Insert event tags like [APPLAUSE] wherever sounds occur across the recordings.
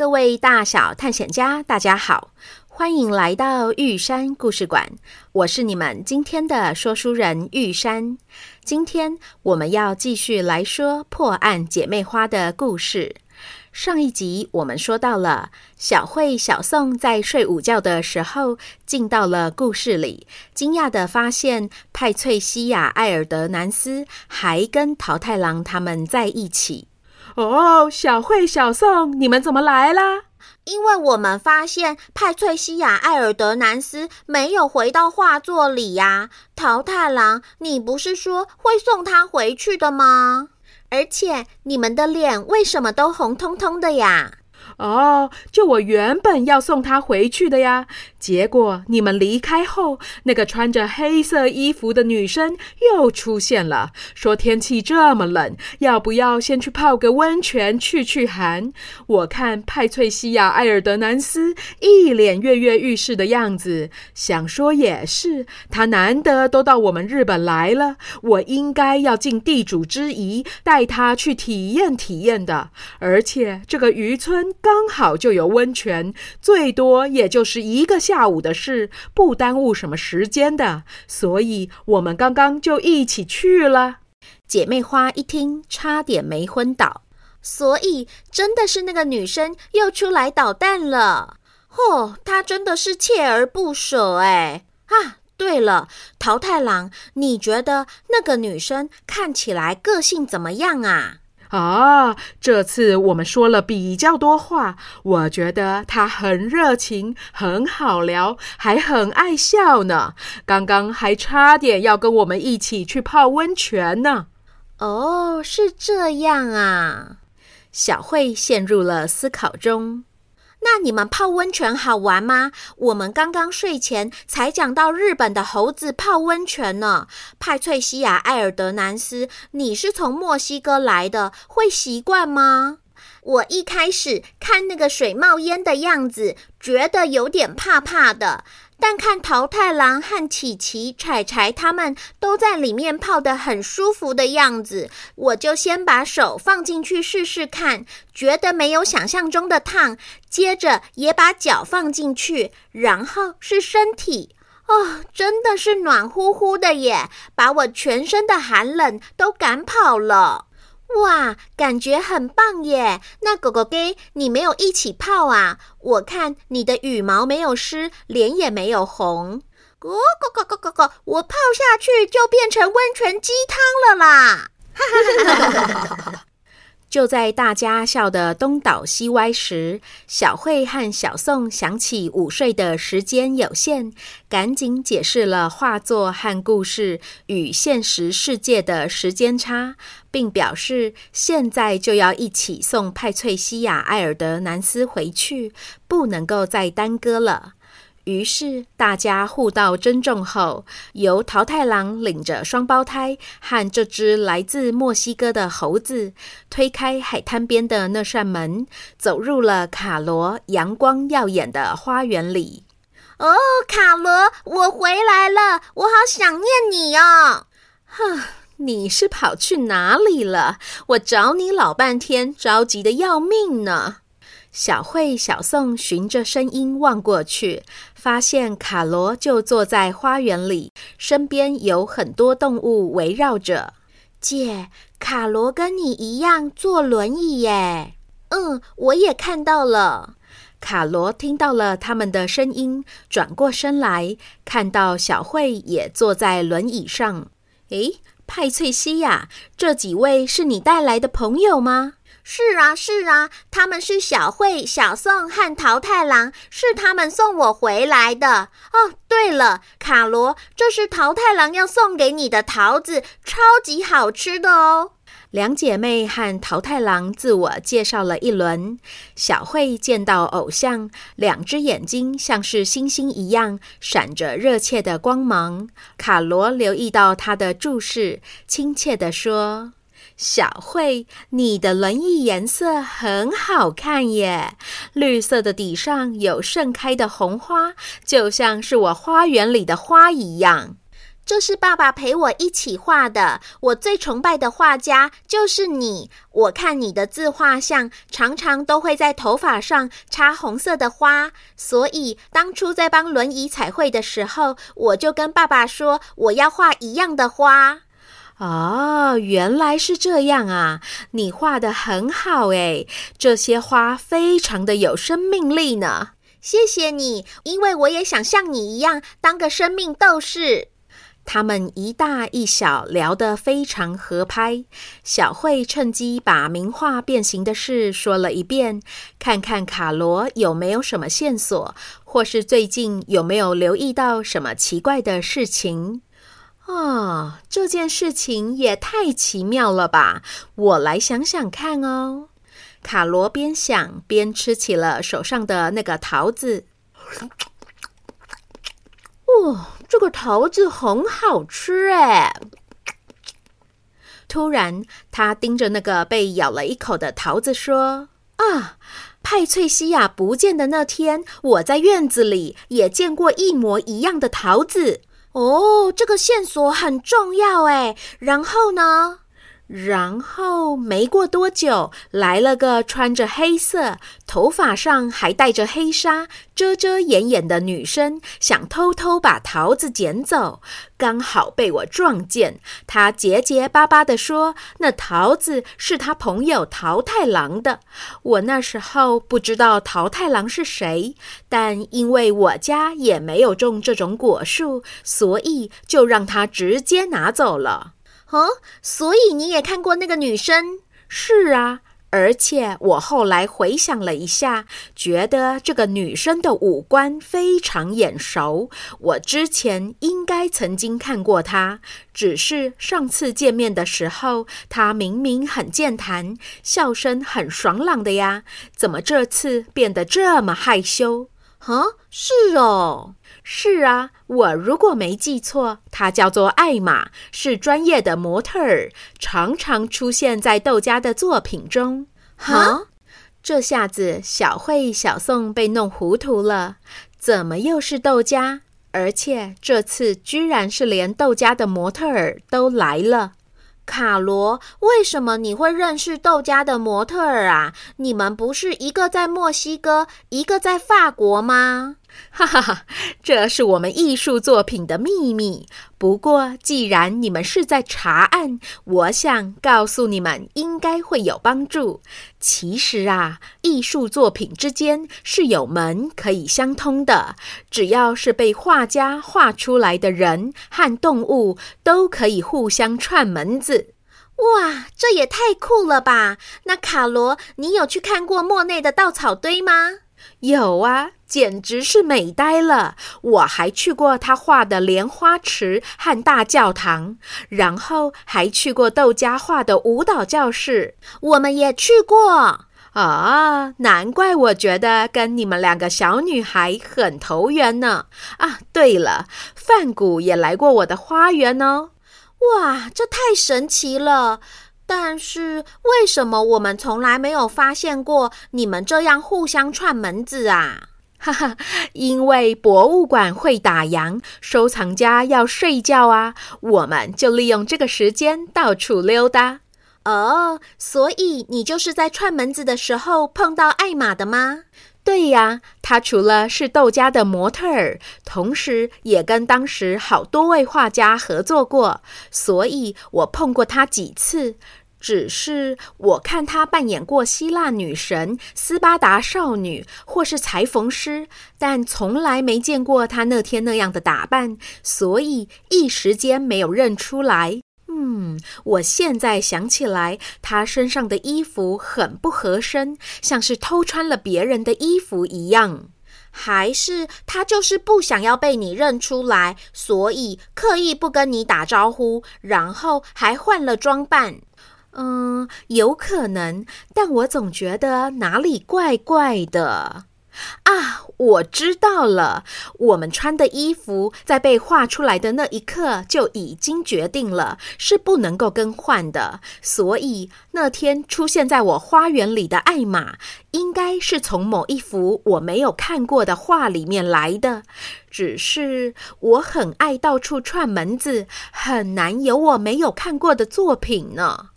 各位大小探險家，大家好，歡迎來到玉山故事館，我是你們今天的說書人玉山。今天我們要繼續來說破案姐妹花的故事。上一集我們說到了小慧、小宋在睡午覺的時候進到了故事裡，驚訝地發現派翠西亞·艾爾德南斯還跟桃太郎他們在一起。哦，oh, 小慧、小宋，你們怎麼來啦？因為我們發現派翠西亞·埃爾德南斯沒有回到畫作裡呀、啊。桃太郎，你不是說會送他回去的嗎？而且你們的臉為什麼都紅彤彤的呀？哦，oh, 就我原本要送他回去的呀。結果你們離開後，那個穿着黑色衣服的女生又出現了，說天氣這麼冷，要不要先去泡個溫泉去去寒？我看派翠西亞·埃爾德南斯一臉躍躍欲試的樣子，想說也是，他難得都到我們日本來了，我應該要盡地主之誼，帶他去體驗體驗的。而且這個漁村剛好就有溫泉，最多也就是一個。下午的事不耽誤什麼時間的，所以我們剛剛就一起去了。姐妹花一聽，差點沒昏倒。所以真的是那個女生又出來搗蛋了。嚯、哦，她真的是鍥而不舍哎啊！對了，桃太郎，你覺得那個女生看起來個性怎麼樣啊？啊，oh, 這次我們說了比較多話，我覺得他很熱情，很好聊，還很愛笑呢。剛剛還差點要跟我們一起去泡溫泉呢。哦，oh, 是這樣啊。小慧陷入了思考中。那你們泡溫泉好玩嗎？我們剛剛睡前才講到日本的猴子泡溫泉呢。派翠西亞·埃爾德南斯，你是從墨西哥來的，會習慣嗎？我一開始看那個水冒煙的樣子，覺得有點怕怕的。但看桃太郎和琪琪、柴柴他們都在裡面泡得很舒服的樣子，我就先把手放進去試試看，覺得沒有想象中的燙。接着也把腳放進去，然後是身體。哦，真的是暖乎乎的耶，把我全身的寒冷都趕跑了。哇，感覺很棒耶！那狗狗雞，你沒有一起泡啊？我看你的羽毛沒有濕，臉也沒有紅。狗狗狗狗狗狗，我泡下去就變成溫泉雞湯了啦！哈哈哈哈哈哈！就在大家笑得東倒西歪時，小慧和小宋想起午睡的時間有限，趕緊解釋了畫作和故事與現實世界的時間差，並表示現在就要一起送派翠西亞·埃爾德南斯回去，不能夠再耽擱了。於是大家互道珍重後，由桃太郎領着雙胞胎和這隻來自墨西哥的猴子，推開海灘邊的那扇門，走入了卡羅陽光耀眼的花園裡。哦，卡羅，我回來了，我好想念你哦。哼，你是跑去哪裡了？我找你老半天，着急得要命呢。小慧、小宋循着聲音望過去。發現卡羅就坐在花園裡，身邊有很多動物圍繞着。姐，卡羅跟你一樣坐輪椅耶。嗯，我也看到了。卡羅聽到了他們的聲音，轉過身來，看到小慧也坐在輪椅上。誒，派翠西亞，這幾位是你帶來的朋友嗎？是啊，是啊，他們是小慧、小宋和桃太郎，是他們送我回來的。哦，對了，卡羅，這是桃太郎要送給你的桃子，超級好吃的哦。兩姐妹和桃太郎自我介紹了一輪，小慧見到偶像，兩隻眼睛像是星星一樣，閃着熱切的光芒。卡羅留意到她的注視，親切地說。小慧，你的輪椅顏色很好看耶！綠色的底上有盛開的紅花，就像是我花園裡的花一樣。這是爸爸陪我一起畫的。我最崇拜的畫家就是你。我看你的自畫像，常常都會在頭髮上插紅色的花，所以當初在幫輪椅彩繪的時候，我就跟爸爸說，我要畫一樣的花。哦，原來是這樣啊！你畫得很好誒，這些花非常的有生命力呢。謝謝你，因為我也想像你一樣當個生命鬥士。他們一大一小聊得非常合拍，小慧趁機把名畫變形的事說了一遍，看看卡羅有沒有什麼線索，或是最近有沒有留意到什麼奇怪的事情。哦，oh, 這件事情也太奇妙了吧！我來想想看哦。卡羅邊想邊吃起了手上的那個桃子。哦，這個桃子很好吃哎！突然，他盯着那個被咬了一口的桃子說：“啊，派翠西亞不見的那天，我在院子裡也見過一模一樣的桃子。”哦，這個線索很重要，誒，然後呢？然後沒過多久，來了個穿着黑色、頭髮上還戴着黑紗、遮遮掩掩的女生，想偷偷把桃子撿走，剛好被我撞見。她結結巴巴地說：“那桃子是她朋友桃太郎的。”我那時候不知道桃太郎是誰，但因為我家也沒有種這種果樹，所以就讓他直接拿走了。哦，所以你也看過那個女生？是啊，而且我後來回想了一下，覺得這個女生的五官非常眼熟，我之前應該曾經看過她。只是上次見面的時候，她明明很健談，笑聲很爽朗的呀，怎麼這次變得這麼害羞？啊、哦，是哦。是啊，我如果沒記錯，她叫做艾瑪，是專業的模特兒，常常出現在豆家的作品中。哈，這下子小慧、小宋被弄糊塗了，怎麼又是豆家？而且這次居然是連豆家的模特兒都來了。卡羅，為什麼你會認識豆家的模特兒啊？你們不是一個在墨西哥，一個在法國嗎？哈哈哈， [LAUGHS] 這是我們藝術作品的秘密。不過，既然你們是在查案，我想告訴你們，應該會有幫助。其實啊，藝術作品之間是有門可以相通的，只要是被畫家畫出來的人和動物，都可以互相串門子。哇，這也太酷了吧！那卡羅，你有去看過莫內的稻草堆嗎？有啊。簡直是美呆了！我還去過他畫的蓮花池和大教堂，然後還去過竇加畫的舞蹈教室。我們也去過啊、哦！難怪我覺得跟你們兩個小女孩很投緣呢。啊，對了，梵谷也來過我的花園哦。哇，這太神奇了！但是為什麼我們從來沒有發現過你們這樣互相串門子啊？哈哈， [LAUGHS] 因為博物館會打烊，收藏家要睡覺啊，我們就利用這個時間到處溜達。哦，oh, 所以你就是在串門子的時候碰到艾瑪的嗎？對呀、啊，她除了是豆家的模特兒，同時也跟當時好多位畫家合作過，所以我碰過她幾次。只是我看她扮演過希臘女神、斯巴達少女或是裁縫師，但從來沒見過她那天那樣的打扮，所以一時間沒有認出來。嗯，我現在想起來，她身上的衣服很不合身，像是偷穿了別人的衣服一樣。還是她就是不想要被你認出來，所以刻意不跟你打招呼，然後還換了裝扮？嗯，有可能，但我總覺得哪裡怪怪的。啊，我知道了，我們穿的衣服在被畫出來的那一刻就已經決定了，是不能夠更換的。所以那天出現在我花園裡的艾瑪，應該是從某一幅我沒有看過的畫裡面來的。只是我很愛到處串門子，很難有我沒有看過的作品呢。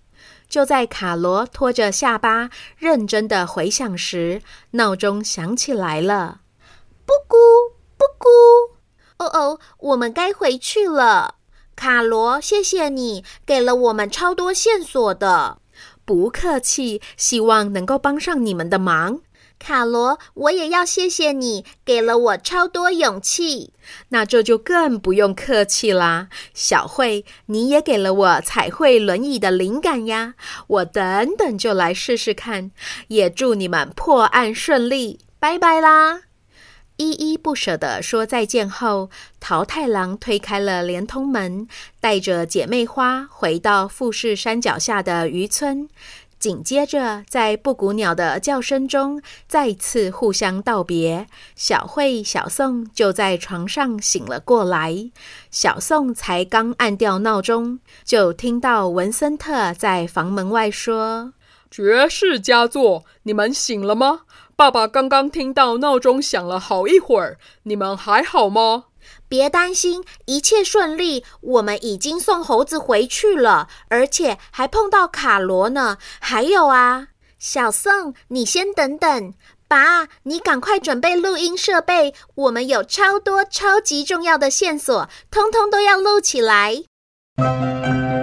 就在卡羅拖着下巴認真的回想時，鬧鐘響起來了。布咕布咕，哦哦，我們該回去了。卡羅，謝謝你給了我們超多線索的。不客氣，希望能夠幫上你們的忙。卡羅，我也要謝謝你，給了我超多勇氣。那這就更不用客氣啦。小慧，你也給了我彩繪輪椅的靈感呀。我等等就來試試看。也祝你們破案順利，拜拜啦！依依不捨地說再見後，桃太郎推開了連通門，帶着姐妹花回到富士山腳下的漁村。緊接着，在布谷鳥的叫聲中，再次互相道別。小慧、小宋就在床上醒了過來。小宋才剛按掉鬧鐘，就聽到文森特在房門外說：“絕世佳作，你們醒了嗎？爸爸剛剛聽到鬧鐘響了好一會兒，你們還好嗎？”別擔心，一切順利。我們已經送猴子回去了，而且還碰到卡蘿呢。還有啊，小宋，你先等等。爸，你趕快準備錄音設備。我們有超多超級重要的線索，通通都要錄起來。嗯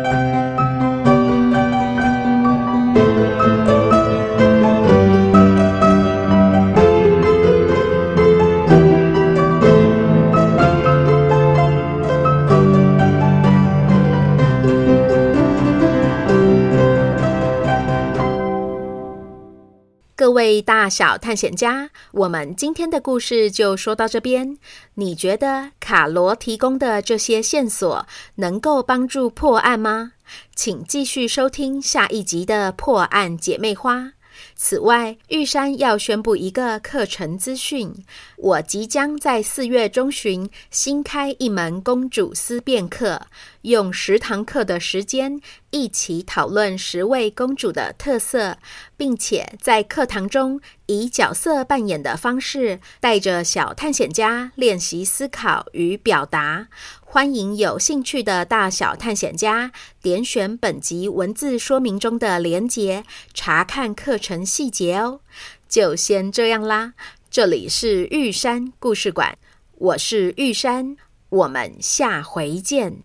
各位大小探險家，我們今天的故事就說到這邊。你覺得卡羅提供的這些線索能夠幫助破案嗎？請繼續收聽下一集的《破案姐妹花》。此外，玉山要宣布一個課程資訊：我即將在四月中旬新開一門公主思辨課。用十堂課的時間，一起討論十位公主的特色，並且在課堂中以角色扮演的方式，帶着小探險家練習思考與表達。歡迎有興趣的大小探險家點選本集文字說明中的連結，查看課程細節哦。就先這樣啦，這裡是玉山故事館，我是玉山，我們下回見。